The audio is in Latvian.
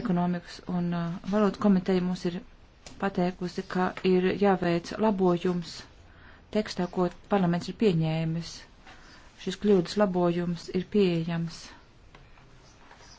ekonomikas un uh, valodu komiteja mums ir pateikusi, ka ir jāveic labojums tekstā, ko parlaments ir pieņēmis. Šis kļūdas labojums ir pieejams.